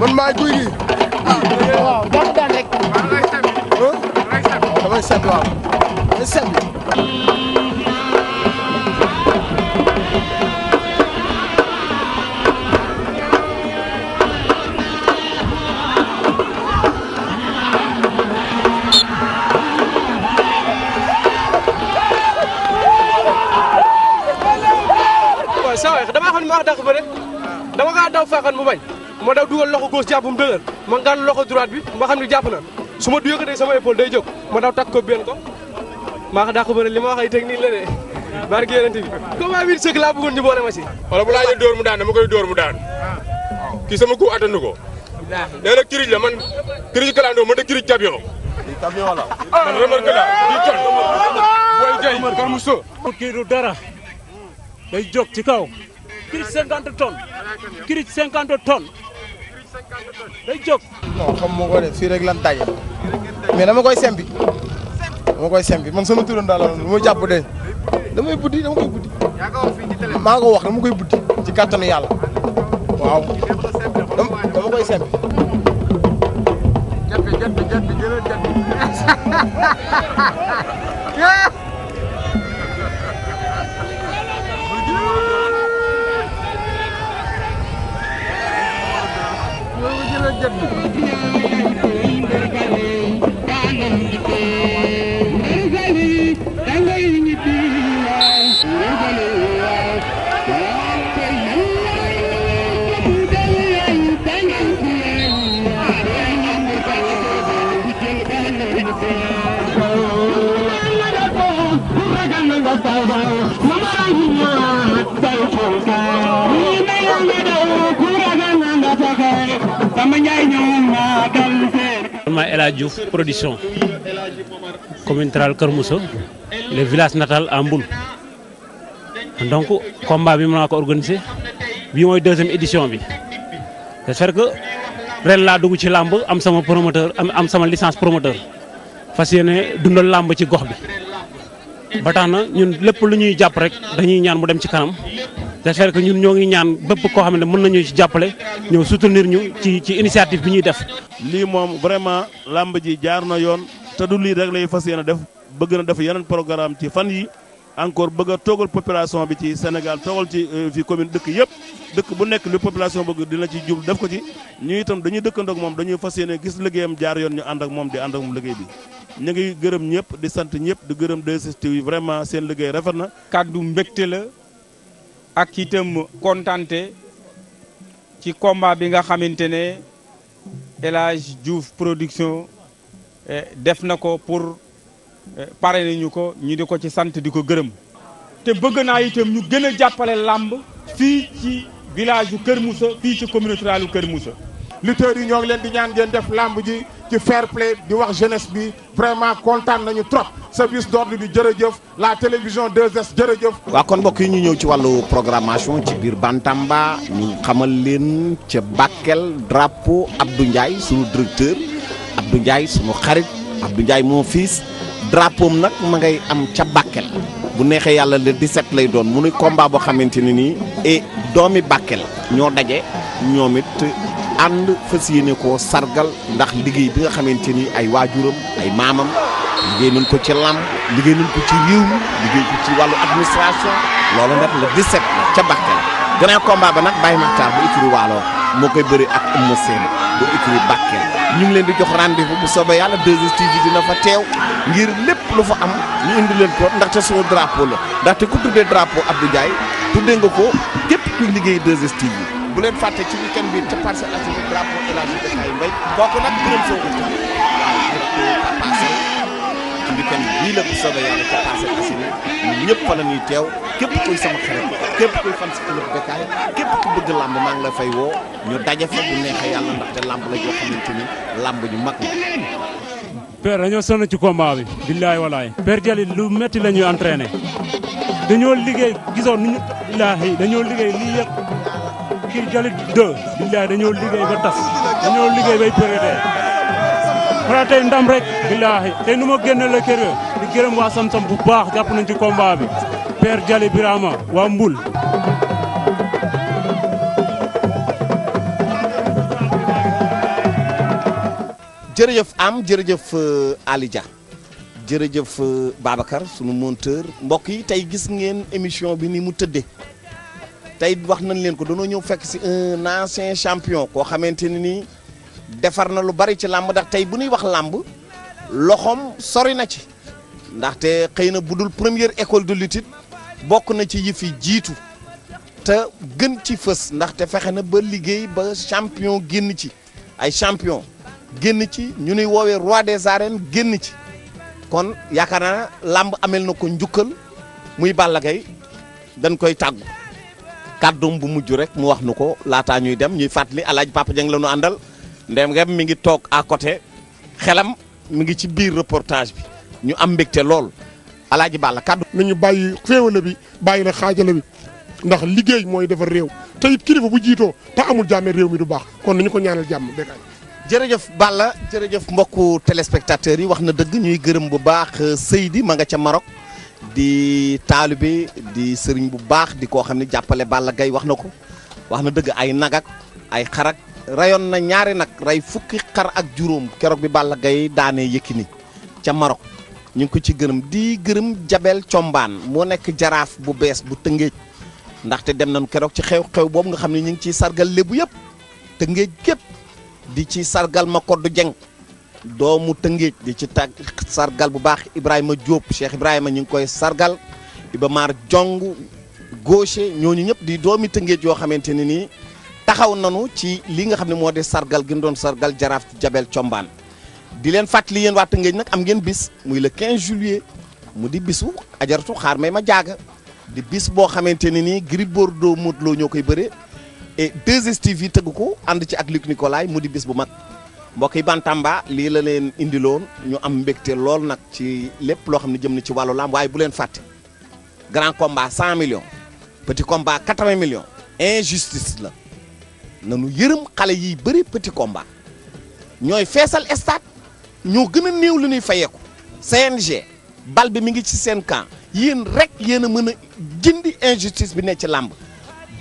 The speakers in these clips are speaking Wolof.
man maa guy gi. waaw jàpp daan rek. damay set waaw damay set bi. waaw dama xam ne maa ko dàq ba rek. dama kaa daw faaxan mu bañ ma daw dugal loxo gauche jàpp mu dëgër ma ngaan loxo droite bi ma xam ne jàpp na su ma du yëkkatee sama épaule day jóg ma daw takk ko benn ko maa daa ko bëri li ma wax ay technique la de barke yonente bi comment win sëkk laa bëggoon ñu boole ma si wala bu laajee dóor mu daan dama koy dóor mu daan sama ko attanu ko nee na kirij la man kirij kalandoo man da kirij camion camion la ah. man remarque la di con booy jay kar mu so kii du dara day jóg ci kaw kirij cinquante tonnes kirij cinquante tonnes day jóg. non xam de fii rek lan daje mais dama koy sembi dama koy sembi man sama turam daal la lu ma jàpp de damay buddi dama koy buddi maa ko wax dama koy buddi ci waaw dama koy sembi loolu jëlal jet bi Samba Ndiaye ñëw ma dal seen. production commune Tral le village natal à Mboul donc combat bi mën naa ko organiser bii mooy deuxième édition bi j'espère que ren laa dugg ci làmb am sama promoteur am sama licence promoteur fas yéene dundal làmb ci gox bi ba tax na ñun lépp lu ñuy jàpp rek dañuy ñaan mu dem ci kanam. j'espère que ñun ñoo ngi ñaan bépp koo xam ne mën nañu ci jàppale ñëw soutenir ñu ci ci initiative bi ñuy def. lii moom vraiment làmb ji jaar na yoon te du lii rek lay fas yéene def bëgg na def yeneen programme ci fan yi encore bëgg a toogal population bi ci Sénégal toogal ci euh, fi commune dëkk yëpp dëkk bu nekk li population bëgg dina ci jublu def ko ci ñu itam dañuy dëkkandoo ak moom dañuy fas yéene gis liggéeyam jaar yoon ñu ànd ak moom di ànd ak moom liggéey bi ñu ngi gërëm ñëpp di sant ñëpp di gërëm 2STV yi vraiment seen liggéey rafet na. kàddu mbégte la. ak itam kontante ci combat bi nga xamante ne El Hadj Diouf production eh, def na ko pour eh, pare nañu ko ñu di ko ci sant di ko gërëm. te bëgg naa itam ñu gën a jàppale làmb fii ci village yu Kër Moussa fii ci commune rurale Kër Moussa. lutteurs yi ñoo ngi leen di ñaan ngeen def làmb ji. ci fair play di wax jeunesse bi vraiment kontaan nañu trop service d'ordre bi jërëjëf la télévision 2 jërëjëf. waaw kon mbokk yi ñu ñëw ci wàllu programmation ci biir Bantamba ñu xamal leen ca Bakel drapeau Abdou njaay sunu directeur Abdou njaay sunu xarit Abdou Ndiaye mon fils drapeau nag ma ngay am ca Bakel. bu neexee yàlla di 17 lay doon mu ne combat boo xamante ne nii et doomi Bakel ñoo daje ñoom it ànd fas yéene koo sargal ndax liggéey bi nga xamante ni ay waajuram ay maamam liggéey nañ ko ci làmb liggéey nañ ko ci réew mi liggéey ko ci wàllu administration loolu nag le 17 la ca Bakel grand combat ba nag Baye Makhtar bu écurie Waalo moo koy bëri ak Eumeu Sène bu écurie Bakel ñu ngi leen di jox rendez-vous mu soobee yàlla 2STV dina fa teew ngir lépp lu fa am ñu indi leen ko ca suma drapeau la ndaxte ku tuddee drapeau Abdou Ndiaye tuddee nga ko képp liggéey 2STV bu leen fàtte ci week-end bi ca Parcelles Assainies drapeau El Hadji Bécaye Mbaye kooku nag bu leen soog la bu soobee yàlla ca Parcelles Assainies ñun ñëpp fa la ñuy teew képp kuy sama xarit képp kuy fan si club Bécaye képp ku bëgg làmb maa la fay woo ñu daje fa bu neexee yàlla ndaxte làmb la joo xamante ni làmb ñu mag la père dañoo sonn ci combat bi billaay walaay père Jalil lu metti la ñuy dañoo liggéey gisoon nu ñu billaahi dañoo liggéey lii yëpp kii Jalit 2. billaay dañoo liggéey ba tas liggéey bay péréte xanaa tey ndam rek billahi tey nu ma génne la kër di gërëm waa Sam Sam bu baax jàpp nañ ci combat bi Père Jali Birama waa Mbul jërëjëf am jërëjëf euh, Ali Dia jërëjëf euh, Babacar sunu monteur mbokk yi tey gis ngeen émission bi ni mu tëdde tey wax nañ leen ko dañoo ñëw fekk si un ancien champion koo xamante ne nii defar na lu bari ci làmb ndax tey bu ñuy wax làmb loxoom sori na ci ndaxte xëy na bu dul première école de lutte bokk na ci yi fi jiitu te gën ci fës ndaxte fexe na ba liggéey ba champion génn ci ay champion génn ci ñu nuy woowe roi des arènes génn ci kon yaakaar naa làmb amel na ko njukkal muy Balla Gaye dañ koy tàggu kàddum bu mujj rek mu wax nu ko laataa ñuy dem ñuy fàttali alaaj Papa Dieng la ñu àndal ndem ngem mi ngi toog à côté xelam mi ngi ci biir reportage bi ñu am mbégte lool alaaji Balla kàddu. nañu bàyyi féewale bi bàyyi na xaajale bi ndax liggéey mooy defar réew te it kilifa bu jiitoo te amul jàmme réew mi du baax kon nañu ko ñaanal jàmm béykat jërëjëf Balla jërëjëf mbokku téléspectateurs yi wax na dëgg ñuy gërëm bu baax Seydi ma nga ca Maroc. di taalibe di sëriñ bu baax di koo xam ne jàppale Balla gay wax na ko wax na dëgg ay nagak ay xarak rayoon na ñaari nag rey fukki xar ak juróom keroog bi bàll Gaye daanee Yékini ca Maroc ñu ngi ko ci gërëm di gërëm Jabel Combaan moo nekk jaraaf bu bees bu Tëngéej ndaxte dem nañ keroog ci xew-xew boobu nga xam ne ñu ngi ciy sargal lébu yëpp Tëngéej képp di ci sargal ma koddu jeng doomu Tëngéej di ci tag sargal bu baax Ibrahima Diop Cheikh Ibrahima ñu ngi koy sargal Iba Jong Gaucher ñooñu ñëpp di doomi Tëngéej yoo xamante ne nii taxaw nanu ci li nga xam ne moo de sargal gi doon sargal jaraaf Jabel Combaan di leen fàttali yéen waa Tëngéej nag am ngeen bis muy le 15 juillet mu di bisu ajaratu xaar may ma jaaga di bis boo xamante ne nii Gris Bordeaux Modou Lo ñoo koy bëre et 2 tëgg ko ànd ci ak Luc Nicolaï mu di bis bu mag. mbokk yi Bantamba lii la leen indiloon ñu am mbégte lool nag ci lépp loo xam ne jëm na ci wàllu làmb waaye bu leen fàtte grand comba 100 millions comba combat 80 millions injustice la nanu yërëm xale yi bëri petit combat ñooy feesal stade ñoo gën a néew lu ñuy fayeeku CNG bal bi mi ngi ci seen camp yéen rek yéen a mën a jëndi injustice bi ne ci làmb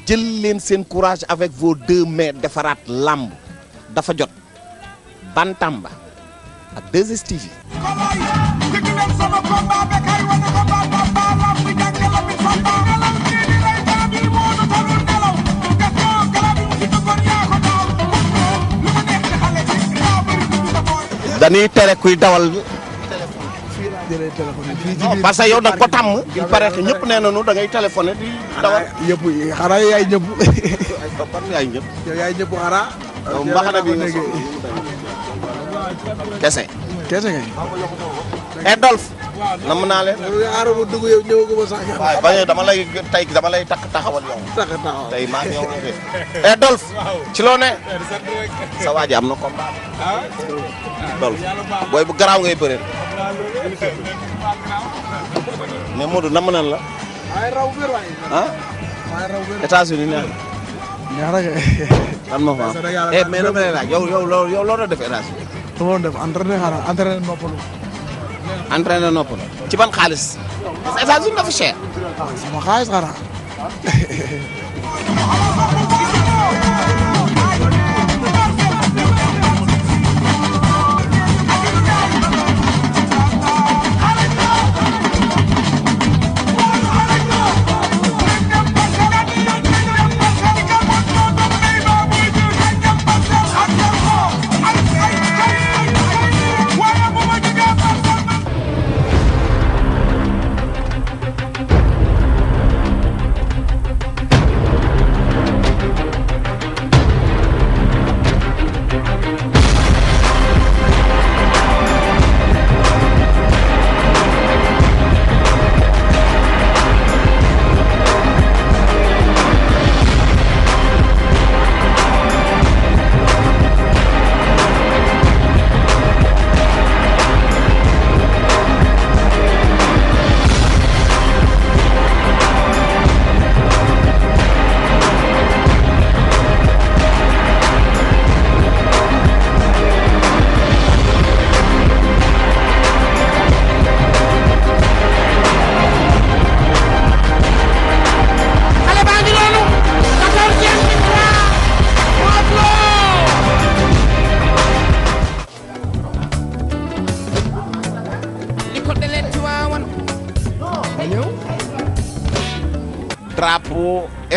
jël leen seen courage avec vos deux mains defaraat làmb dafa jot Bantamba ak 2STV dañuy tere kuy dawal. téléphone parce que yow da ko tàmm. il paraît que ñëpp nee nañu da ngay téléphoné di dawal. yëpp xanaa yaay ñëpp. yaay ñëpp. yow yaay ñëpp xanaa. mbaxana bi kese. kese kay. et eh, Dolf. nam naa leen. aar ma dugg lay takk taxawal yow. takk taxawal tey maa ngi yow eh, sa waa ji am na combat. booy bu garaaw ngay bëreel. mais Modou nam nan la. ay raw bi waay. ah. ay ma fa am. Eh, mais dama lay laaj yow def États-Unis lu ma doon def entraîné xanaa entraîné noppalu. entraîné noppalu ci ban xaalis. parce que états-unis dafa ah, sama xaalis xanaa.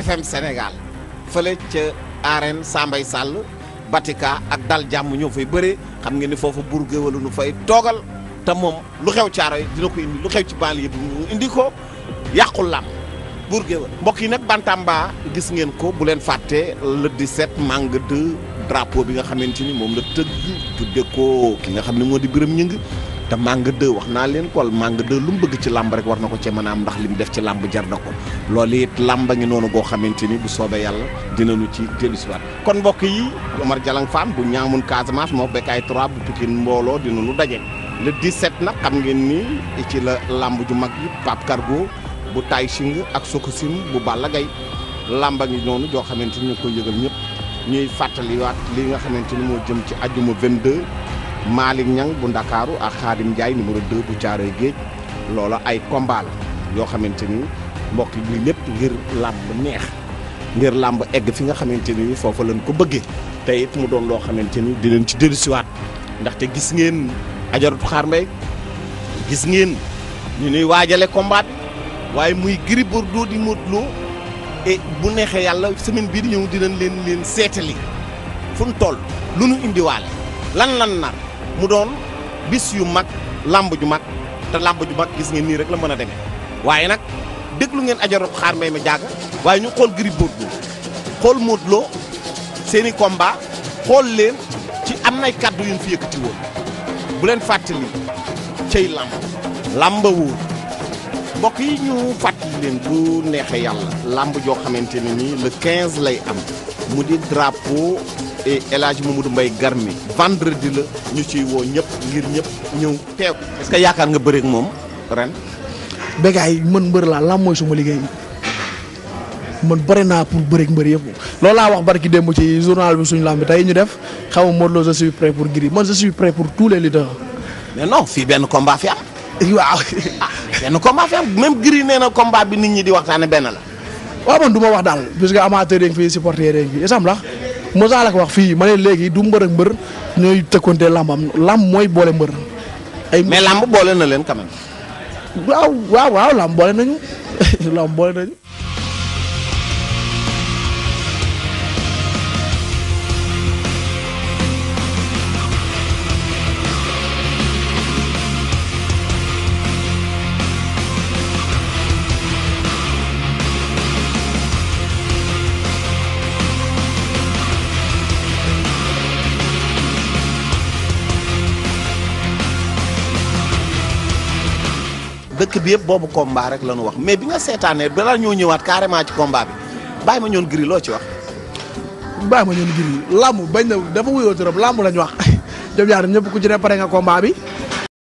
FM Sénégal fële ca arène Sambay sàll Batika ak dal jàmm ñoo fay bëree xam ngeen ni foofu buur géwalu nu fay toogal te moom lu xew caaro yi dina ko indi lu xew ci banlieue yëpp mu indi ko yàqul làmb buur géwal mbokk yi nag Bantamba gis ngeen ko bu leen fàtte le 17 mangue 2 drapeau bi nga xamante ni moom la tëgg tudde ko ki nga xam ne moo di Birame Ngingue te màng 2 wax naa leen ko màng 2 lu mu bëgg ci làmb rek war na ko cee mën a am ndax li mu def ci làmb jar na ko loolu it làmba ngi noonu goo xamante ni bu soobee yàlla dinañu ci dellusiwaat kon mbokk yi Omar Jalang Fam bu ñaamun Casamance moo bekkaay 3 bu Pikine mbooloo dina lu daje di 17 nag xam ngeen ni ci la làmb ju mag yi Pape Cargo bu Tay Sing ak Sokosim bu Balla Gaye làmba ngi noonu joo xamante ni ñu koy yëgal ñëpp ñuy fàttaliwaat li nga xamante ni moo jëm ci ajuma 22 Malick ñaŋ bu Ndakaaru ak Khadim Ndiaye numéro 2 bu Caaroy Géej loola ay combat yoo xamante ni mbokk yi lépp ngir làmb neex ngir làmb egg fi nga xamante ni foofu lañ ko bëggee tey fu mu doon loo xamante ni di leen ci dellusiwaat ndaxte gis ngeen ajarut xaar mbay gis ngeen ñu nuy waajale combat waaye muy Gris Bordeaux di Modou Lô bu neexee yàlla semaine bii di ñëw dinañ leen leen seetali fu ñu toll lu nu indiwaale lan lan nar mu doon bis yu mag làmb ju mag te làmb ju mag gis ngeen nii rek la mën a demee waaye nag déglu ngeen ajarop xaar mbay ma jaaga waaye ñu xool Gris Bordeaux xool mootloo seeni combat xool leen ci am nay kàddu yu ñu fi yëkkati woon bu leen fàttali cey làmb làmb wóor mbokk yi ñu fàttali leen bu neexee yàlla làmb joo xamante ne nii le 15 lay am mu di drapeau et El Hadj Mamadou Mbaye Garmi vendredi la ñu ciy woo ñëpp ngir ñëpp ñëw teew est que yaakaar nga bëreek moom ren. Bégaay mën mbër laa lam mooy suma liggéey man bëri naa pour bëreek mbër yëpp loolu laa wax barki démb ci journal bi suñu lamb bi tey ñu def xam nga Modou Lo pour Gris man je suis prêt pour tous les lutteurs. mais non fii benn combat fi am. waaw ah, benn combat fi am même Gris nee na combat bi nit ñi di waxtaane benn la. waaw man du wax daal puisque amateur Moussa la ko wax fii ma ne léegi du mbër ak mbër ñooy tëkkante mooy boole mbër. ay mais làmb boole na leen quand même. waaw waaw waaw làmb boole nañu làmb boole nañu. dëkk bi yëpp boobu combat rek la ñu wax mais bi nga seetaanee balaa ñoo ñëwaat carrément ci combat baay ma ñoon giri loo ci wax. bàyyi ma ñoon giri làmb bañ na dafa wuyoo trop làmb lambu la ñoom ñaar ñëpp ku ci ne pare nga combat bi.